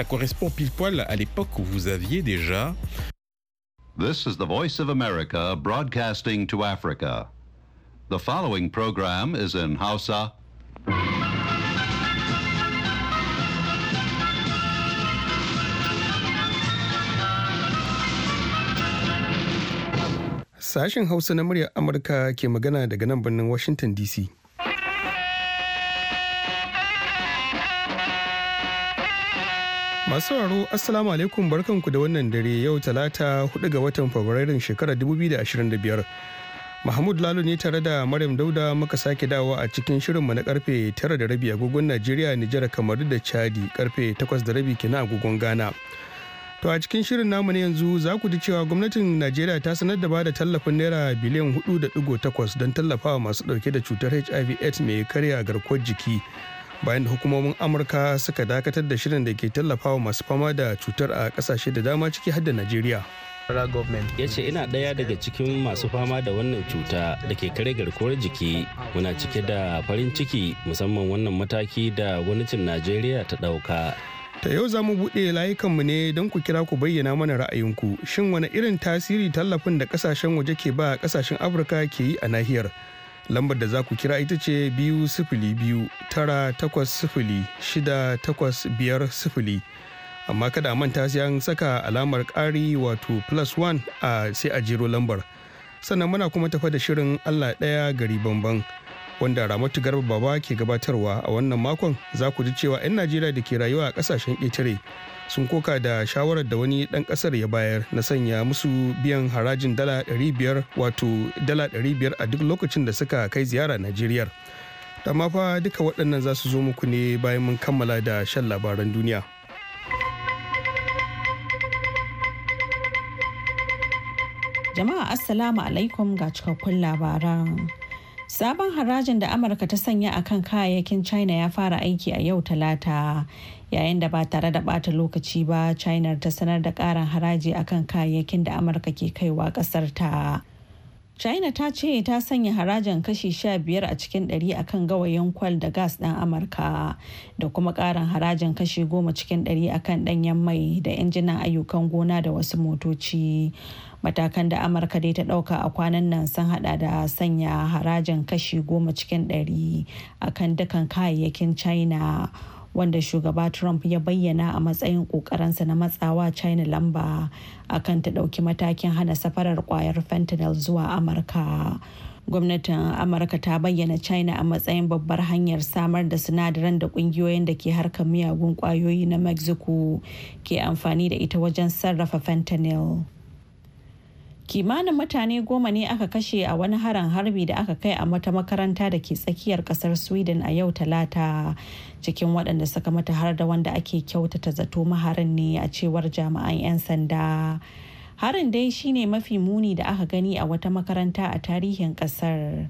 ça correspond pile poil à l'époque où vous aviez déjà. This is the voice of America broadcasting to Africa. The following program is in Hausa. Sashen Hausa na murya Amurka ke magana daga nan birnin Washington DC. Masu sauraro Assalamu alaikum barkanku da wannan dare yau talata hudu ga watan Fabrairun shekarar 2025. Mahmud Lalo ne tare da Maryam Dauda muka sake dawa a cikin shirinmu na karfe 9 da rabi agogon Najeriya, Nijar, Kamaru da Chadi karfe 8 da rabi kenan agogon Ghana. To a cikin shirin namu ne yanzu za ku ji cewa gwamnatin Najeriya ta sanar da bada tallafin naira biliyan 4.8 don tallafawa masu dauke da cutar HIV/AIDS mai karya garkuwar jiki. bayan da hukumomin amurka suka dakatar da shirin da ke tallafawa masu fama da cutar a kasashe da dama ciki har da najeriya ya ce ina ɗaya daga cikin masu fama da wannan cuta da ke kare garkuwar jiki muna cike da farin ciki musamman wannan mataki da gwamnatin najeriya ta ɗauka ta yau za mu buɗe layukanmu ne don ku kira ku bayyana mana ra'ayinku shin wani irin tasiri tallafin da kasashen waje ke ba kasashen afirka ke yi a nahiyar lambar da za ku kira ita ce biyu sifili biyu tara takwas sifili shida takwas biyar sifili amma kada a manta sai an saka alamar ƙari wato plus one a sai a jero lambar sannan muna kuma tafa da shirin allah ɗaya gari bamban wanda ramatu garba baba ke gabatarwa a wannan makon za ku ji cewa 'yan najeriya da ke rayuwa a ƙasashen ƙetare sun koka da shawarar da wani ɗan ƙasar ya bayar na sanya musu biyan harajin dala 500 wato dala 500 a duk lokacin da suka kai ziyara Najeriya. Amma fa duka waɗannan za su zo muku ne bayan mun kammala da shan labaran duniya. Jama'a Assalamu alaikum ga cikakkun labaran. Sabon harajin da Amurka ta sanya a kan kayayyakin China ya fara aiki a yau Talata, yayin da ba tare da bata lokaci ba, China ta sanar da ƙaran haraji a kan kayayyakin da Amurka ke kaiwa ƙasarta. ta. china ta ce ta sanya harajin kashi 15 a cikin 100 akan gawayin kwal da gas ɗin amurka da kuma ƙarin harajin kashi 10 cikin 100 akan ɗanyen mai da injinan ayyukan gona da wasu motoci matakan da amurka dai ta ɗauka a kwanan nan sun hada da sanya harajin kashi 10 cikin 100 akan dukkan kayayyakin china wanda shugaba trump ya bayyana a matsayin kokarinsa na matsawa china lamba akan ta dauki matakin hana safarar kwayar fentanyl zuwa amurka gwamnatin amurka ta bayyana china a matsayin babbar hanyar samar da sinadaran da kungiyoyin da ke harkar miyagun kwayoyi na mexico ke amfani da ita wajen sarrafa fentanyl kimanin mutane goma ne aka kashe a wani harin harbi da aka kai a wata makaranta da ke tsakiyar kasar sweden a yau talata cikin waɗanda suka mata har da wanda ake kyautata zato maharin ne a cewar jami'an 'yan sanda harin dai shine mafi muni da aka gani a wata makaranta a tarihin kasar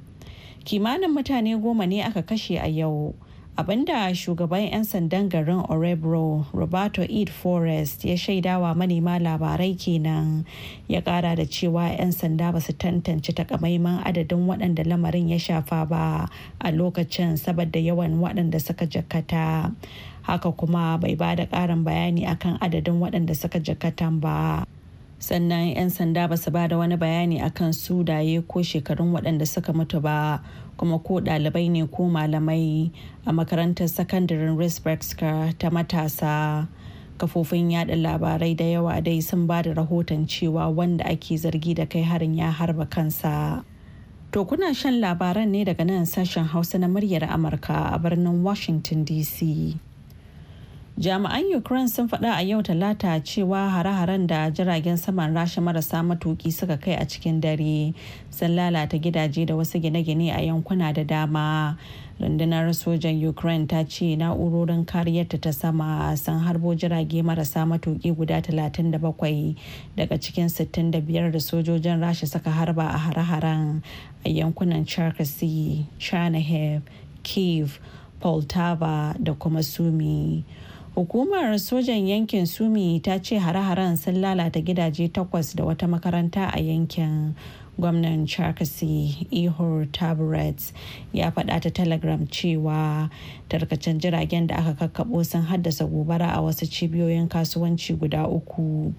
kimanin mutane goma ne aka kashe a yau abinda shugaban 'yan sandan garin orebro roberto eid forest ya shaidawa manema labarai kenan ya kara da cewa 'yan sanda ba su tantance takamaiman adadin waɗanda lamarin ya shafa ba a lokacin saboda yawan waɗanda suka jakata haka kuma bai ba da ƙarin bayani akan adadin waɗanda suka jakatan ba sannan 'yan sanda ba su ba da wani bayani akan daye ko shekarun waɗanda suka mutu ba kuma ko ɗalibai ne ko malamai a makarantar sakandaren risbexka ta matasa kafofin yada labarai da yawa dai sun ba da rahoton cewa wanda ake zargi da kai harin ya harba kansa to kuna shan labaran ne daga nan sashen hausa na muryar amurka a birnin washington dc jami'an ukraine sun faɗa a yau talata cewa hare-haren da jiragen saman rasha marasa matuki suka kai a cikin dare sun lalata gidaje da wasu gine-gine a yankuna da dama rundunar sojan ukraine ta ce na'urorin kariyarta ta sama sun harbo jirage marasa matuki guda 37 daga cikin 65 da sojojin rasha suka harba a hare-haren a yankunan cherkasy chernihiv kiev poltava da kuma sumi Hukumar sojan yankin Sumi ta ce hare-haren sun lalata gidaje takwas da wata makaranta a yankin. Gwamnan Charkasi Ihor Tabaret ya faɗa ta Telegram cewa tarkacen jiragen da aka kakkaɓo sun haddasa gobara a wasu cibiyoyin kasuwanci guda uku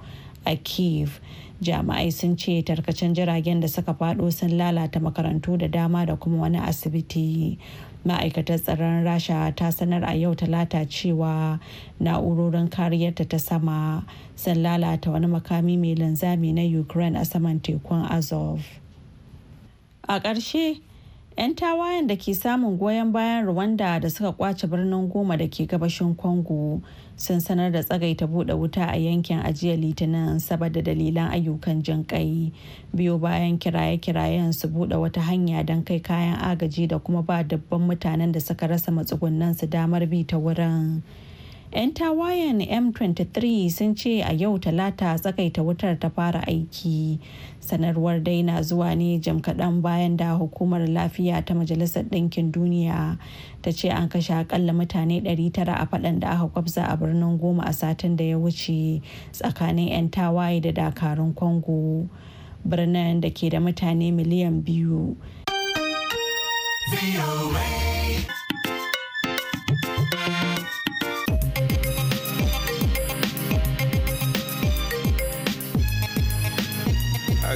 a Kiev. jami'ai sun ce tarkacen jiragen da suka fado sun lalata makarantu da dama da kuma wani asibiti ma'aikatar tsaron rasha ta sanar a yau talata cewa na'urorin kariyarta ta sama sun lalata wani makami mai linzami na ukraine a saman tekun azov a ƙarshe 'yan tawayen da ke samun goyon bayan rwanda da suka kwace birnin goma da ke gabashin congo sun sanar da tsagaita bude wuta a yankin ajiyar litinin saboda dalilan ayyukan jin kai biyo bayan kiraye-kirayen su bude wata hanya don kai kayan agaji da kuma ba dabban mutanen da suka rasa matsugunansu damar bi ta wurin 'yan tawayen m23 sun ce a yau talata tsakaita wutar ta fara aiki sanarwar dai na zuwa ne jam kaɗan bayan da hukumar lafiya ta majalisar ɗinkin duniya ta ce an kashe akalla mutane 900 a faɗan da aka kwabza a birnin goma a satin da ya wuce tsakanin 'yan tawaye da dakarun congo birnin da ke da mutane miliyan biyu.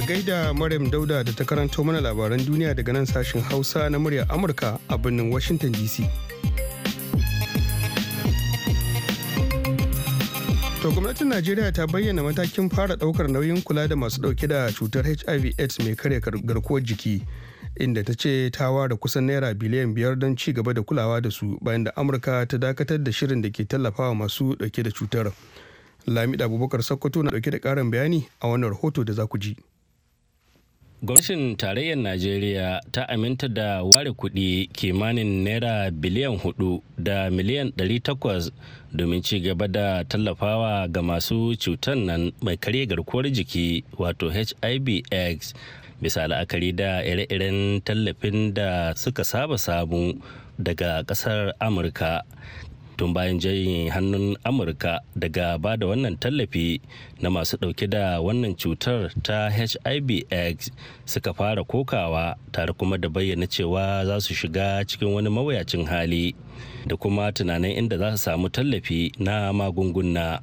gaida Maryam Dauda da ta karanto mana labaran duniya daga nan sashen Hausa na murya Amurka a birnin Washington DC. To gwamnatin Najeriya ta bayyana matakin fara daukar nauyin kula da masu dauke da cutar HIV AIDS mai karya garkuwar jiki inda ta ce ta ware kusan naira biliyan biyar don ci gaba da kulawa da su bayan da Amurka ta dakatar da shirin da ke tallafawa masu dauke da cutar. lamida Abubakar Sokoto na dauke da karin bayani a wannan rahoto da za ku ji. Gwamnatin tarayyar Najeriya ta aminta da ware kuɗi kimanin naira biliyan hudu da miliyan ɗari takwas domin ci gaba da tallafawa ga masu cutar nan mai karya garkuwar jiki wato HIV/AIDS bisa la'akari da ire-iren tallafin da suka saba samu daga ƙasar Amurka. tun bayan jayin hannun amurka daga ba da wannan tallafi na masu ɗauke da wannan cutar ta hiv suka fara kokawa tare kuma da bayyana cewa za su shiga cikin wani mawuyacin hali da kuma tunanin inda za su samu tallafi na magunguna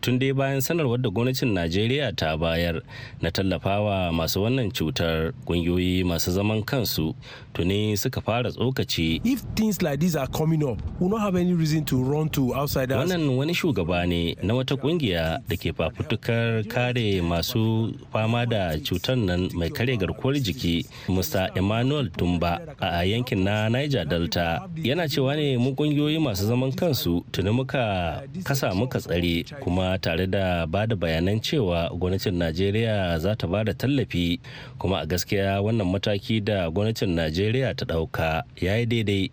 tun dai bayan sanarwar da gwamnatin najeriya ta bayar na tallafawa masu wannan cutar kungiyoyi masu zaman kansu tuni suka fara tsokaci if things like this are coming up we don't have any reason to run to outsiders wannan wani shugaba ne na wata kungiya da ke fafutukar kare masu fama da cutar nan mai kare garkuwar jiki mr emmanuel tumba a yankin na niger delta yana cewa ne mu kungiyoyi masu zaman kansu tuni muka kasa muka tsare kuma tare da ba da bayanan cewa gwamnatin najeriya za ta ba da tallafi kuma a gaskiya wannan mataki da gwamnatin najeriya ta ɗauka ya yi daidai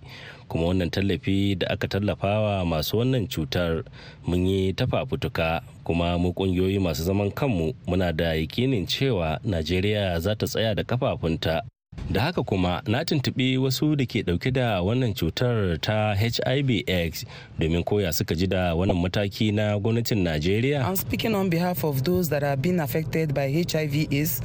kuma wannan tallafi da aka tallafawa masu wannan cutar mun yi ta fafutuka kuma mu kungiyoyi masu zaman kanmu muna da yakinin cewa najeriya za ta tsaya da kafafunta da haka kuma na tuntuɓi wasu da ke ɗauke da wannan cutar ta hivx domin koya suka ji da wannan mataki na gwamnatin najeriya i'm speaking on behalf of those that have been affected by hiv is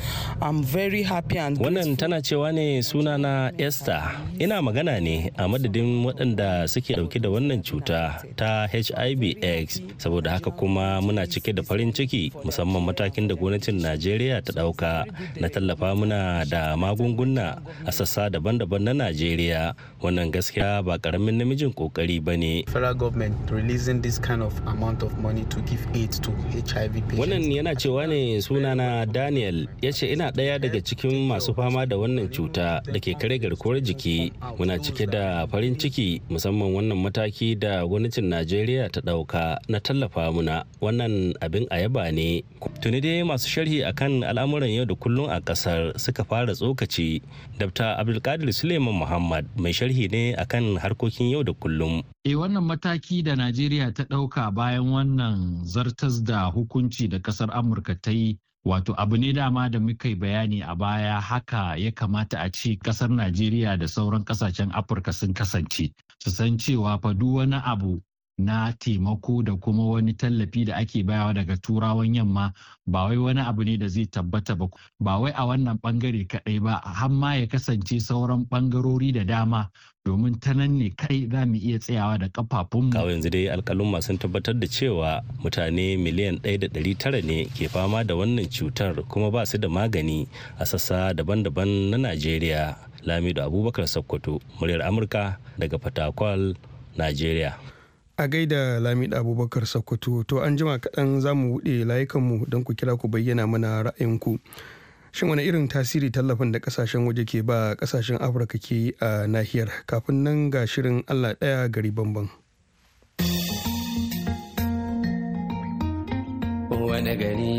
i'm very happy and wannan tana cewa ne suna na esther ina magana ne a madadin waɗanda suke ɗauke da wannan cuta ta hivx saboda haka kuma muna cike da farin ciki musamman matakin da gwamnatin najeriya ta ɗauka na tallafa muna da magunguna magana a sassa daban-daban na Najeriya wannan gaskiya ba karamin namijin kokari ba ne. Wannan yana cewa ne sunana Daniel ya ce ina ɗaya daga cikin masu fama da wannan cuta da ke kare garkuwar jiki muna cike da farin ciki musamman wannan mataki da gwamnatin Najeriya ta ɗauka na tallafa muna wannan abin a yaba ne. Tuni dai masu sharhi akan al'amuran yau da kullum a ƙasar suka fara tsokaci Dr. Abdulkadir Suleiman Muhammad mai sharhi ne akan harkokin yau da kullum. E wannan mataki da Najeriya ta ɗauka bayan wannan zartas da hukunci da ƙasar Amurka ta yi Wato abu ne dama da muka yi bayani a baya haka ya kamata a ce ƙasar Najeriya da sauran ƙasashen Afirka sun kasance. Su san cewa fa duk wani abu na taimako da kuma wani tallafi da ake bayawa daga turawan yamma ba wai wani abu ne da zai tabbata ba ba wai a wannan bangare kadai ba har ma ya kasance sauran bangarori da dama domin ta nan ne kai za mu iya tsayawa da kafafunmu. Kawo yanzu dai alkalumma sun tabbatar da cewa mutane miliyan ɗaya ne ke fama da wannan cutar kuma ba su da magani a sassa daban-daban na Najeriya. Lamido Abubakar Sokoto, muryar Amurka daga Fatakwal, Najeriya. a gaida lamida abubakar sokoto to an jima kaɗan za mu buɗe layukanmu don ku kira ku bayyana mana ra'ayinku shin wani irin tasiri tallafin da kasashen waje ke ba kasashen afirka ke yi a nahiyar kafin nan ga shirin allah ɗaya gari bambam wani gari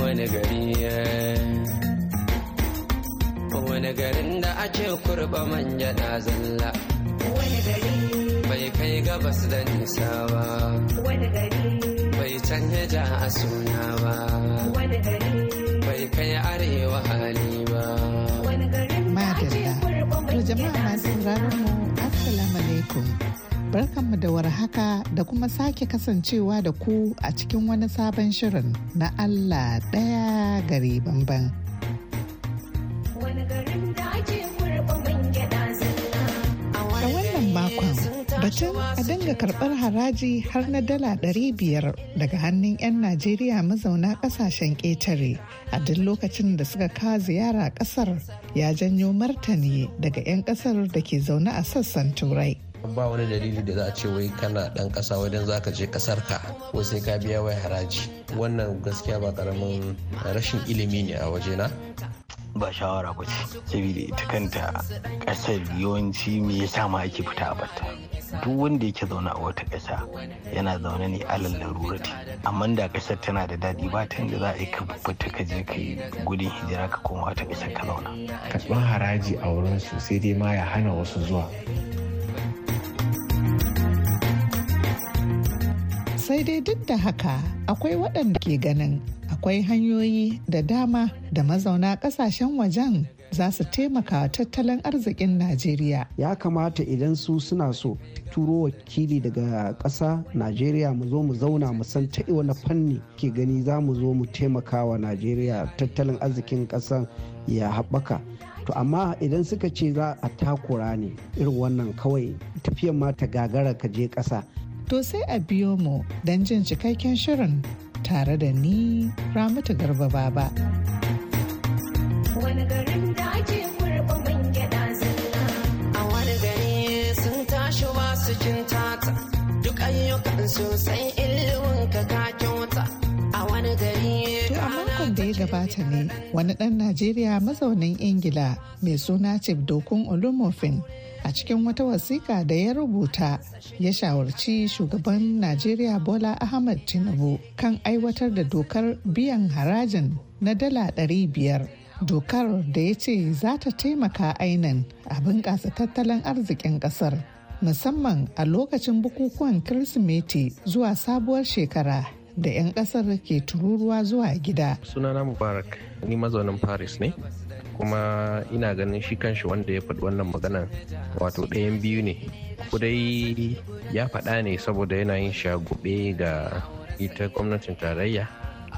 wani gari wani garin da ake kurba manja na zalla bai kai gabas da nisa ba wani gari bai canja ja a suna ba wani gari bai kai arewa hali ba wani to jama'a mu alaikum Barkanmu da warhaka da kuma sake kasancewa da ku a cikin wani sabon shirin na Allah ɗaya gari bamban. A wannan makon batun a dinga karbar haraji har na dala 500 daga hannun 'yan najeriya mazauna kasashen ƙetare a duk lokacin da suka kawo ziyara kasar ya janyo martani daga 'yan ƙasar da ke zaune a sassan turai ba wani dalili da za a ce wai kana dan kasa wai dan zaka je kasar ka wai sai ka biya wai haraji wannan gaskiya ba karamin rashin ilimi ne a wajena ba shawara ba ce saboda ita kanta ƙasar yawanci me ya sa ma ake fita a batta duk wanda yake zaune a wata ƙasa yana zaune ne a larurati amma da ƙasar tana da daɗi ba ta inda za a yi ka fita ka je ka yi gudun hijira ka koma wata ƙasar ka zauna karɓar haraji a wurinsu, sai dai ma ya hana wasu zuwa sai dai duk da haka akwai waɗanda ke ganin akwai hanyoyi da dama da mazauna ƙasashen wajen za su taimaka tattalin arzikin Najeriya. Ya kamata idan su suna so turo wakili daga ƙasa Najeriya mu zo mu zauna mu san ta wani fanni ke gani za mu zo mu taimaka wa Najeriya tattalin arzikin ƙasa ya haɓaka. To amma idan suka ce za a takura ne irin wannan kawai tafiyan ma ta gagara ka je ƙasa. to sai a biyo mu don jin cikakken shirin tare da ni ramatu garba baba. Wani garin da ake kurɓa man gyaɗa zalla. A wani gari sun tashi masu cin tata, duk ayyukan sosai illuwin ka ka kyauta. A wani gari To a makon da ya gabata ne wani ɗan Najeriya mazaunin Ingila mai suna Chip Dokun Olumofin a cikin wata wasiƙa da ya rubuta ya shawarci shugaban najeriya bola ahmad tinubu kan aiwatar da dokar biyan harajin na dala biyar dokar da ya ce za ta taimaka ainan a bunƙasa tattalin arzikin ƙasar musamman a lokacin bukukuwan kirsimeti zuwa sabuwar shekara da 'yan ƙasar ke tururuwa zuwa gida sunana mubarak ni mazaunin paris ne kuma ina ganin shi kanshi wanda ya faɗi wannan magana wato ɗayan biyu ne kudai ya faɗa ne saboda yana yin shagube ga ita gwamnatin tarayya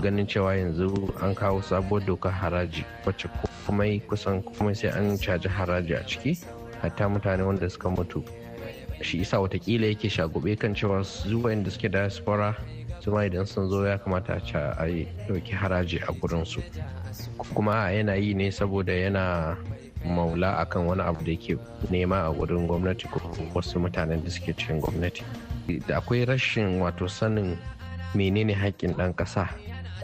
ganin cewa yanzu an kawo sabuwar doka haraji wacce kuma kusan kuma sai an caji haraji a ciki hatta mutane wanda suka mutu shi isa watakila yake shagube kan cewa zuwa inda suke diaspora su idan sun zo ya kamata a yi ɗauki haraji a gurinsu kuma yana yi ne saboda yana maula akan wani abu da yake nema a wurin gwamnati ko wasu mutanen da suke cikin gwamnati da akwai rashin wato sanin menene haƙƙin ɗan ƙasa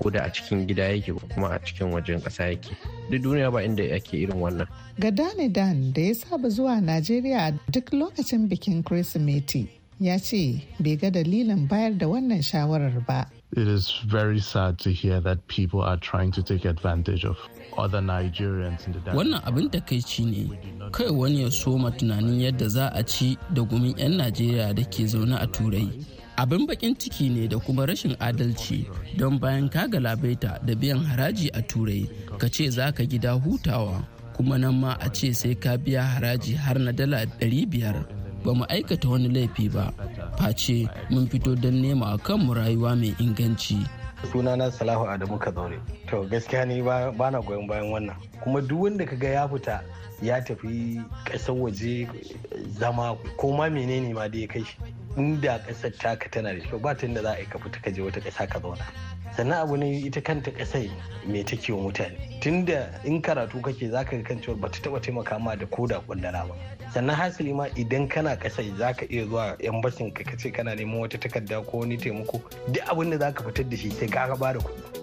ko da a cikin gida yake ko kuma a cikin wajen ƙasa yake duk duniya ba inda yake irin wannan ga dan da ya saba zuwa najeriya duk lokacin bikin kirsimeti ya ce bai ga dalilin bayar da wannan shawarar ba. It is very sad to hear that people are trying to take advantage of other Nigerians in the Wannan abin takaici ne, kai wani ya soma tunanin yadda za a ci da gumin 'yan Najeriya da ke zaune a Turai. Abin bakin ciki ne da kuma rashin adalci don bayan ka galabaita da biyan haraji a Turai, ka ce za ka gida hutawa. kuma nan ma a ce sai ka biya haraji har na dala 500 ba mu aikata wani laifi ba face mun fito don nema a kanmu rayuwa mai inganci sunana salahu adamu ka zaure to gaskiya ne ba na goyon bayan wannan kuma duk wanda ka ga ya fita ya tafi ƙasar waje zama ko ma menene ma da ya kai inda ƙasar taka tana da kyau ba ta inda za a yi ka fita ka je wata ƙasa ka zauna sannan abu ne ita kanta kasar mai ta wa mutane tunda in karatu kake zaka ka kan cewa ta taba taimaka ma da koda kwandala ba sannan hasali ma idan kana za ka iya zuwa yan basin ka ce kana neman wata takarda ko wani taimako duk abin da ka fitar da shi sai ka ba da kuɗi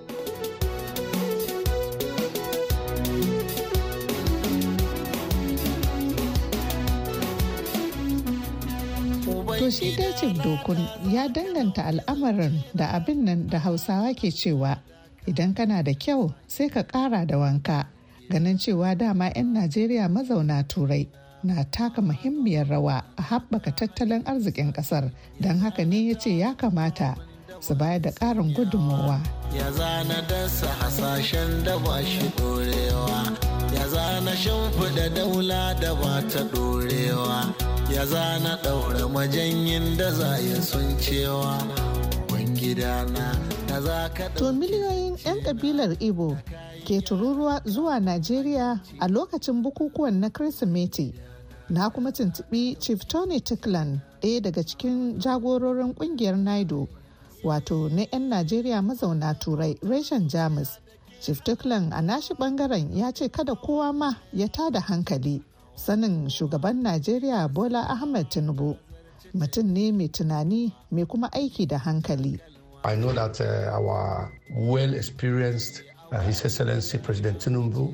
shi dajin dokun ya danganta al'amarin da abin nan da hausawa ke cewa idan kana da kyau sai ka kara da wanka ganin cewa dama 'yan Najeriya mazauna turai na taka muhimmiyar rawa a haɓaka tattalin arzikin ƙasar don haka ne ya ce ya kamata su baya da ƙarin gudunmowa. Ya zana dansa hasashen da shi ɗorewa, ya zana shimfiɗa daula da ba ta ɗorewa. ya zana daura majanyin da ya sun cewa gida na za ka to miliyoyin 'yan kabilar igbo ke tururuwa zuwa najeriya a lokacin bukukuwan na kirsimeti na kuma tuntubi chief tony tickland ɗaya daga cikin jagororin kungiyar naido wato na 'yan najeriya mazauna turai reshen jamus chief tickland a nashi bangaren ya ce kada kowa ma ya tada hankali sanin shugaban najeriya bola ahmed tinubu mutum ne mai tunani mai kuma aiki da hankali i know that uh, our well experienced uh, his excellency president tinubu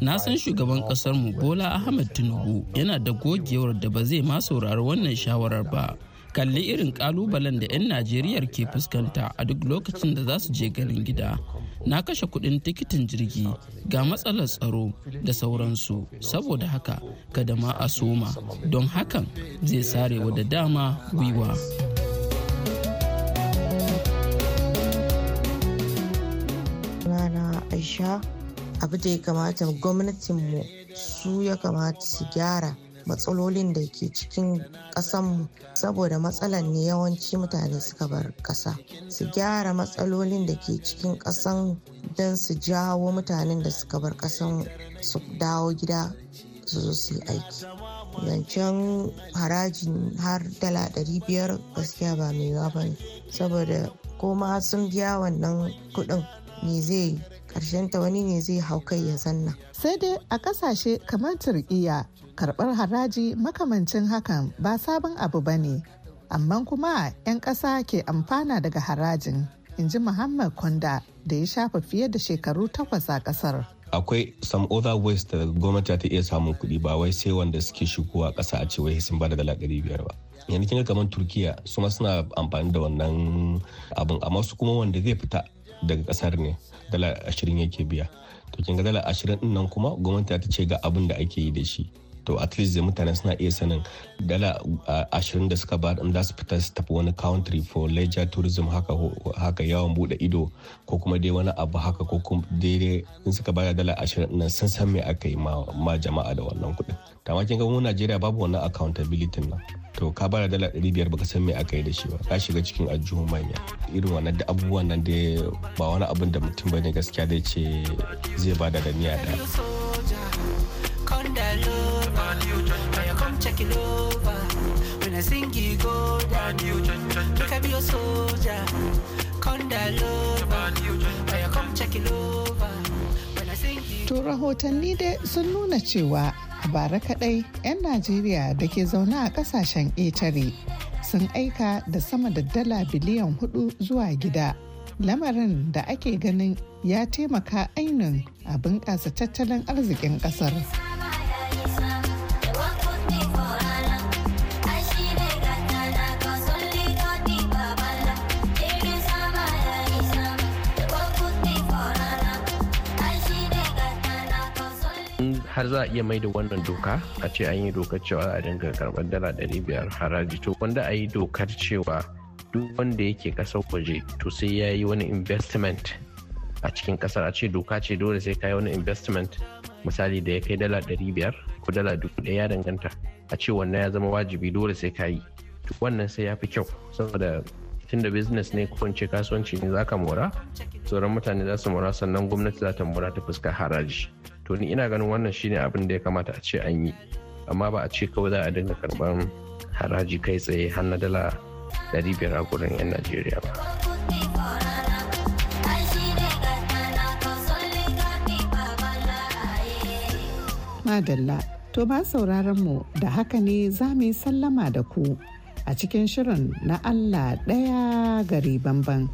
Na san shugaban mu Bola Ahmed Tinubu yana da gogewar da ba zai ma saurari wannan shawarar ba. kalli irin kalubalen da 'yan najeriya ke fuskanta a duk lokacin da za su je garin gida na kashe kudin tikitin jirgi ga matsalar tsaro da sauransu saboda haka kada ma a soma don hakan zai sarewa da dama gwiwa aisha abu da ya kamata gwamnatinmu su ya kamata su gyara matsalolin da ke cikin ƙasanmu saboda matsalar ne yawanci mutane suka bar ƙasa su gyara matsalolin da ke cikin ƙasan don su jawo mutanen da suka bar ƙasan su dawo gida su zo su yi aiki zancen harajin har dala ɗari biyar gaskiya ba mai ba ne saboda ma sun biya wannan kuɗin me zai yi ta wani ne zai hau kai ya zanna. Sai dai a kasashe kamar turkiya. karbar haraji makamancin hakan ba sabon abu ba ne amma kuma 'yan ƙasa ke amfana daga harajin in ji muhammad kwanda da ya shafa fiye da shekaru takwas a ƙasar akwai some other ways da gwamnati ta iya samun kuɗi ba wai sai wanda suke shigowa kasa a ce wai sun bada dala ɗari biyar ba yanzu kinga kamar turkiya su ma suna amfani da wannan abin amma su kuma wanda zai fita daga ƙasar ne dala ashirin yake biya to kinga dala ashirin nan kuma gwamnati ta ce ga abin da ake yi da shi to at least da mutane suna iya sanin dala ashirin da suka ba da su fita su tafi wani country for leisure tourism haka haka yawon bude ido ko kuma dai wani abu haka ko kuma dai in suka bada dala ashirin nan sun san me aka yi ma jama'a da wannan kuɗin amma kin ga mu Najeriya babu wannan accountability nan to ka bada dala ɗari biyar baka san me aka yi da shi ba ka shiga cikin aljihun manya irin wannan da abubuwan nan da ba wani abin da mutum ne gaskiya zai ce zai bada da niyya ɗaya. you rahotanni dai sun nuna cewa a bara kaɗai 'yan Najeriya da ke zaune a ƙasashen etare sun aika da sama da dala biliyan hudu zuwa gida lamarin da ake ganin ya taimaka ainin a bunƙasa tattalin arzikin ƙasar. har za a iya mai da wannan doka a ce an yi dokar cewa a dinga karɓar dala ɗari biyar haraji to wanda a yi dokar cewa duk wanda yake kasar waje to sai ya yi wani investment a cikin ƙasar a ce doka ce dole sai ka yi wani investment misali da ya kai dala ɗari biyar ko dala dubu ɗaya ya danganta a ce wannan ya zama wajibi dole sai ka yi wannan sai ya fi kyau saboda tun da business ne ko ce kasuwanci ne za ka mora sauran mutane za su mora sannan gwamnati za ta mora ta fuska haraji to ni ina ganin wannan shine abin da ya kamata a ce an yi amma ba a ce kawai za a dinga karban haraji kai tsaye har na dala 500 a gurin 'yan najeriya ba madalla to ba sauraron mu da haka ne za mu yi sallama da ku a cikin shirin na allah ɗaya gari bamban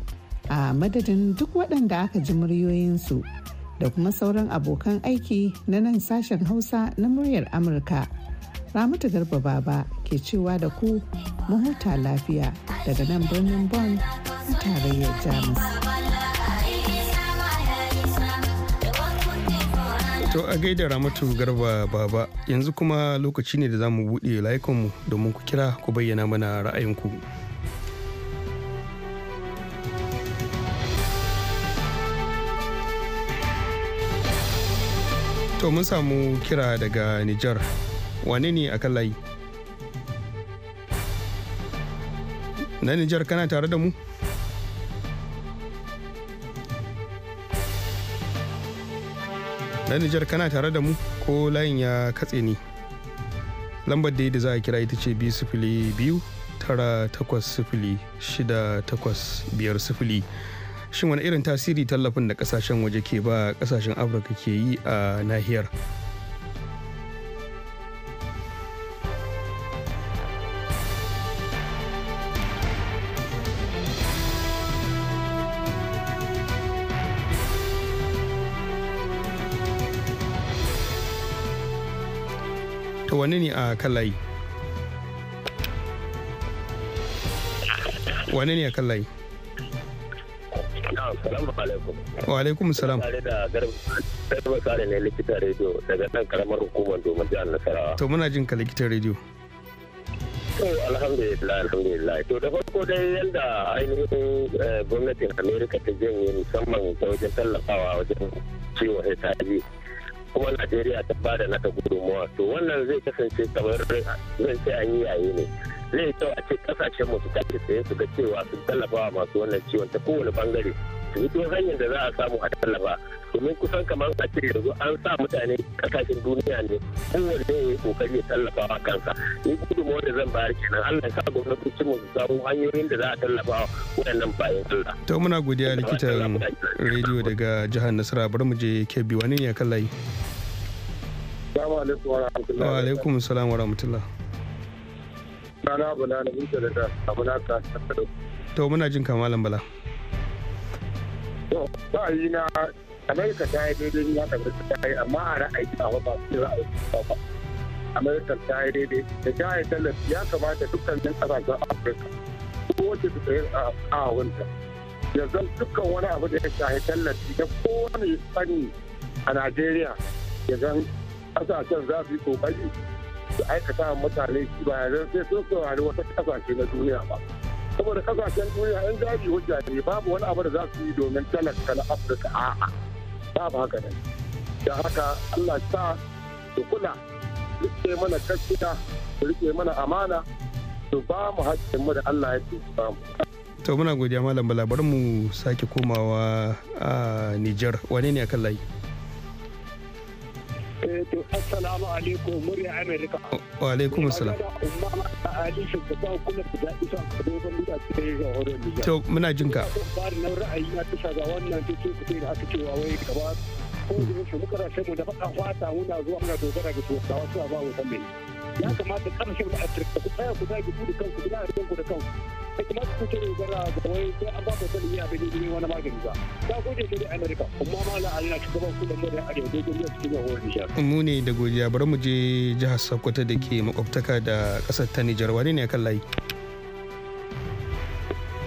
a madadin duk waɗanda aka ji muryoyinsu da kuma sauran abokan aiki na nan sashen hausa na muryar amurka ramatu garba baba ke cewa da ku mahuta lafiya daga nan birnin bon na tarayyar jamus to a gaida ramatu garba baba yanzu kuma lokaci ne da za mu buɗe layukanmu domin ku kira ku bayyana mana ra'ayinku. to mun samu kira daga Nijar wane ne a layi na Nijar kana tare da mu na Nijar kana tare da mu ko layin ya katse ne lambar da da za a kira ita ce biyu sifili biyu tara takwas sifili shida takwas biyar sifili shin wani irin tasiri tallafin da kasashen waje ke ba kasashen afirka ke yi a nahiyar Ta wani ne a kalayi wani ne a kalayi Salamu alaikum. Wa alaikum salam. Tare da garba kare ne likitan rediyo daga nan karamar hukumar domin jihar Nasarawa. To muna jin ka likitan rediyo. To alhamdulillah alhamdulillah. To da farko dai yadda ainihin eh, gwamnatin Amerika ta janye musamman ta wajen tallafawa wajen ciwon HIV. kuma Najeriya ta bada nata gudunmuwa to wannan zai kasance kamar zai sai an yi yayi ne zai kyau a ce kasashen mu su tashi tsaye su ga cewa sun tallafa masu wannan ciwon ta kowane bangare duk hanyar da za a samu a tallafa domin kusan kamar a ce yanzu an sa mutane kasashen duniya ne kowanne ya yi kokari ya tallafa wa kansa ni gudunmawar da zan bayar kenan allah ya sa gwamnatocin mu su samu hanyoyin da za a tallafa wa waɗannan bayan allah. to muna godiya likitan rediyo daga jihar nasara bari mu je kebbi wani ne kan layi. salamu alaikum wa rahmatullah. wa alaikum salam wa rahmatullah. sana bala na minta da ta abu na ka ta to muna jin kamalan bala. To, ra'ayi na Amerika ta yi daidai ni haka ta yi amma a ra'ayi a ba su yi ra'ayi ba. Amerika ta yi daidai da ta yi tallafi ya kamata dukkanin ƙasashen Afirka kowace su tsaye a kawunta. Yanzu dukkan wani abu da ya shahi tallafi da kowane fanni a Najeriya yanzu ƙasashen za su yi ƙoƙari su aikata mutane bayanan sai sun saurari wata ƙasashe na duniya ba. saboda kasashen duniya yan jari hujja ne babu wani abu da za su yi domin talaka na afirka a'a ba haka ne da haka allah sa su kula rike mana kashida su rike mana amana su ba mu mu da allah ya ce samu to muna godiya malam bala bari mu sake komawa a nijar wane ne akan layi Eh, to assalamu alaikum murya amerika wa alaikum assalam to muna jin ka ba da ra'ayi na bisa ga wannan take kuce da aka cewa wai gaba ko da shi muka rashe mu da baka fata muna zuwa muna dogara ga wasu ba mu san ya kamata ƙarshen da afirka ku tsaya ku zagi ku da kanku ku zagi ku da kanku ya kamata ku tare gara da wai sai an ba ku sanin iya bai jini wani magani ba ta gode ne da amerika kuma ma la alina shugaban ku da murya arewa dai godiya cikin yawon nishar mu ne da godiya bari mu je jihar sokoto da ke makwabtaka da ƙasar ta nijar wani ne kan layi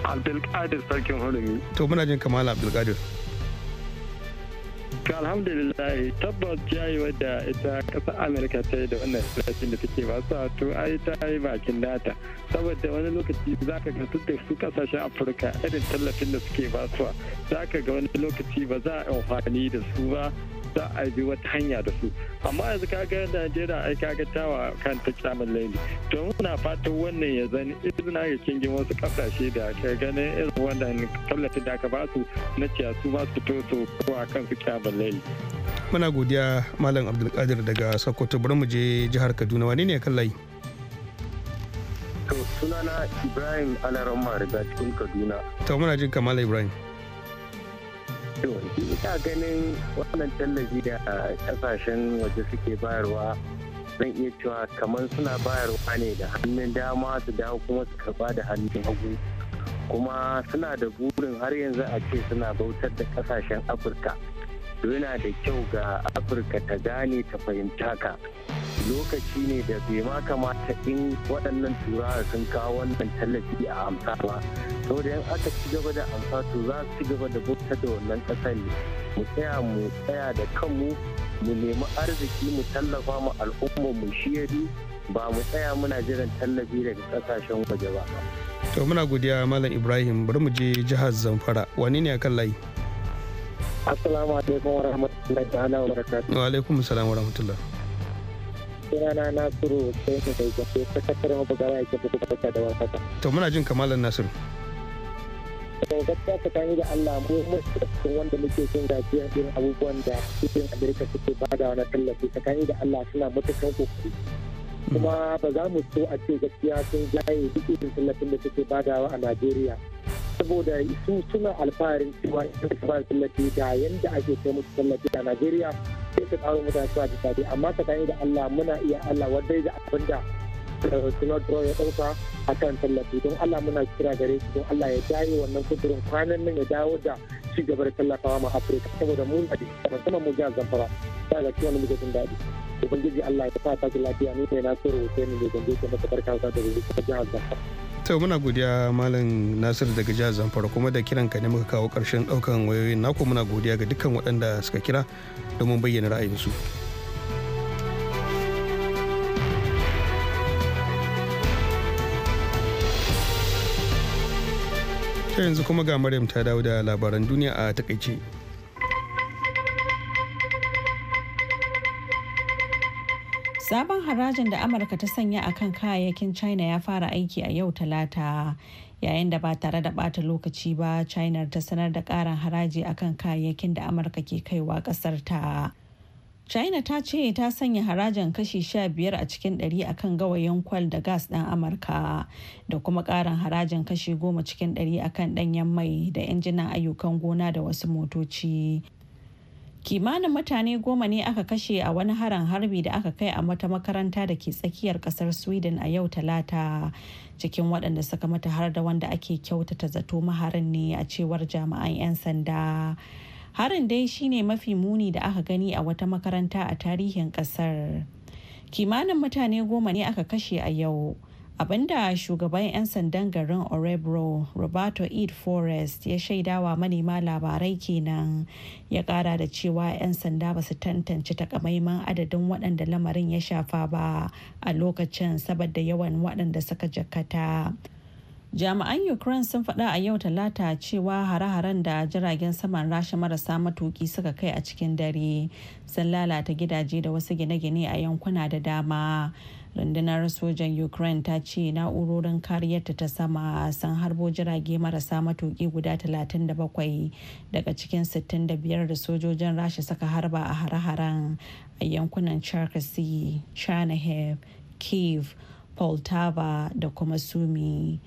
abdulkadir sarkin hulumi to muna jin kamala abdulkadir alhamdulillah tabbas yi da ita ƙasar amurka ta yi da wannan rashin da take ba sa to ai ta yi bakin data saboda wani lokaci za ka ga duk su kasashen afirka irin tallafin da suke basuwa za ka ga wani lokaci ba za a amfani da su ba za a bi wata hanya da su amma yanzu ka kaga najeriya ai kaga tawa kan ta kyamun laili don muna fatan wannan ya zani na yakin gin wasu kasashe da ka ganin irin wannan tallafin da aka ba su na ciya su ma su fito ko a kan su kyamun laili muna godiya malam abdulkadir daga sokoto bari mu je jihar kaduna wani ne kan layi to sunana ibrahim alaramma daga cikin kaduna to muna jin kamala ibrahim To, ina ganin wannan tallafi da kasashen waje suke bayarwa zan iya cewa kamar suna bayarwa ne da hannun dama su dawo kuma su karba da hannun hagu. Kuma suna da burin har yanzu a ce suna bautar da kasashen Afirka. yana da kyau ga afirka ta gane ta fahimta ka lokaci ne da bai ma kamata in waɗannan turawa sun kawo wannan tallafi a amsa ba saboda yan aka ci gaba da amfatu za su ci gaba da bukta da wannan kasar ne mu tsaya mu tsaya da kanmu mu nemi arziki mu tallafa mu al'umma mu shiyari ba mu tsaya muna jiran tallafi daga kasashen waje ba. to muna godiya malam ibrahim bari mu je jihar zamfara wani ne akan layi. assalamu alaikum wa rahmatullahi ta'ala wa barakatuh wa alaikum salam wa rahmatullah. sunana nasiru sai mu kai gwafe sakataren bugara yake bugu da da wata to muna jin kamalan nasiru. Eh, gaskiya tsakani da Allah mu mutum wanda muke cin gajiyar irin abubuwan da cikin Amerika suke bada wani tallafi tsakani da Allah suna matukan kokari kuma ba za mu so a ce gaskiya sun jaye duk irin tallafin da suke badawa a Najeriya saboda su suna alfaharin cewa idan su fara tallafi da yanda ake kai musu tallafi a Najeriya sai su kawo mutane su a jikadi amma tsakani da Allah muna iya Allah wadda da abin da Sinar Duro ya dauka a kan tallafi don Allah muna kira gare shi don Allah ya dawo wannan kudurin kwanan nan ya dawo da ci gaba da tallafawa ma Afirka saboda mun a jikin musamman mu jihar Zamfara ta ga ciwon mu jin daɗi. Ubangiji Allah ya fata ki lafiya ni sai na so rahoto ne mai gangan ke matakar kansa da rubuta jihar Zamfara. to muna godiya malam nasir daga jihar zamfara kuma da kiran ka ne muka kawo karshen daukan wayoyin naku muna godiya ga dukkan waɗanda suka kira domin bayyana ra'ayinsu. su yanzu kuma ga maryam ta dawo da labaran duniya a takaice sabon harajin da amurka ta sanya a kan kayayyakin china ya fara aiki a yau talata yayin da ba tare da bata lokaci ba china ta sanar da karin haraji akan kayayyakin da amurka ke kaiwa kasar ta china ta ce ta sanya harajin kashi 15 a cikin 100 akan gawayin kwal da gas ɗin amurka da kuma ƙarin harajin kashi 10 cikin 100 akan ɗanyen mai da injinan ayyukan gona da wasu motoci kimanin mutane goma ne aka kashe a wani harin harbi da aka kai a mata makaranta da ke tsakiyar kasar sweden a yau talata cikin waɗanda suka mata har da wanda ake kyautata zato maharin ne a cewar jami'an 'yan sanda harin dai shine mafi muni da aka gani a wata makaranta a tarihin kasar kimanin mutane goma ne aka kashe a yau abinda shugaban 'yan sandan garin orebro roberto ed forest ya shaidawa manema labarai kenan ya kara da cewa 'yan sanda ba su tantance takamaiman adadin waɗanda lamarin ya shafa ba a lokacin saboda yawan waɗanda suka jakata jami'an ukraine sun faɗa a yau talata cewa hare-haren da jiragen saman rasha marasa matuki suka kai a cikin dare sun lalata gidaje da wasu gine-gine a yankuna da dama rundunar sojan ukraine ta ce na'urorin kariyarta ta sama sun harbo jirage marasa matuki guda 37 daga cikin 65 da sojojin rasha suka harba a hare-haren a yankunan charkasi chernihiv kiev poltava da kuma sumi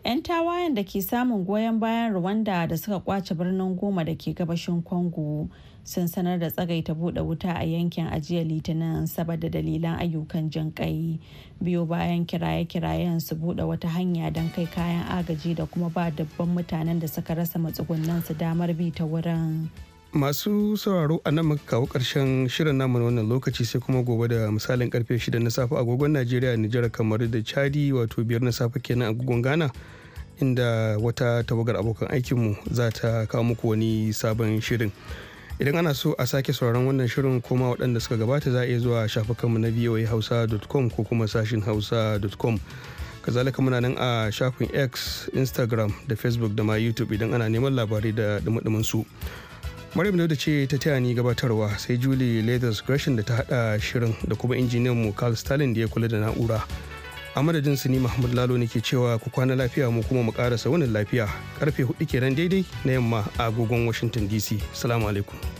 'yan tawayen da ke samun goyon bayan rwanda da suka kwace birnin goma da ke gabashin congo sun sanar da tsagaita buɗe wuta a yankin ajiyar litinin saboda dalilan ayyukan jin kai biyo bayan kiraye-kirayen su buɗe wata hanya don kai kayan agaji da kuma ba dabban mutanen da suka rasa matsugunansu damar bi ta wurin masu sauraro a nan muka kawo ƙarshen shirin namu na wannan lokaci sai kuma gobe da misalin karfe shida na safe agogon najeriya nijar kamar da chadi wato biyar na safe kenan agogon ghana inda wata tawagar abokan aikinmu za ta kawo muku wani sabon shirin idan ana so a sake sauraron wannan shirin koma waɗanda suka gabata za a iya zuwa shafukanmu na voahausa.com ko kuma sashin hausa.com kazalika muna nan a shafin x instagram da facebook da ma youtube idan ana neman labarai da dumi su. Maryam da ce ta taya ni gabatarwa sai Julie Leathers Gresham da ta hada shirin da kuma injiniyan mu Carl Stalin da ya kula da na'ura. A madadin su ni Muhammad Lalo nake cewa ku kwana lafiya mu kuma mu karasa wannan lafiya. Karfe hudu kenan daidai na yamma a agogon Washington DC. Salamu alaikum.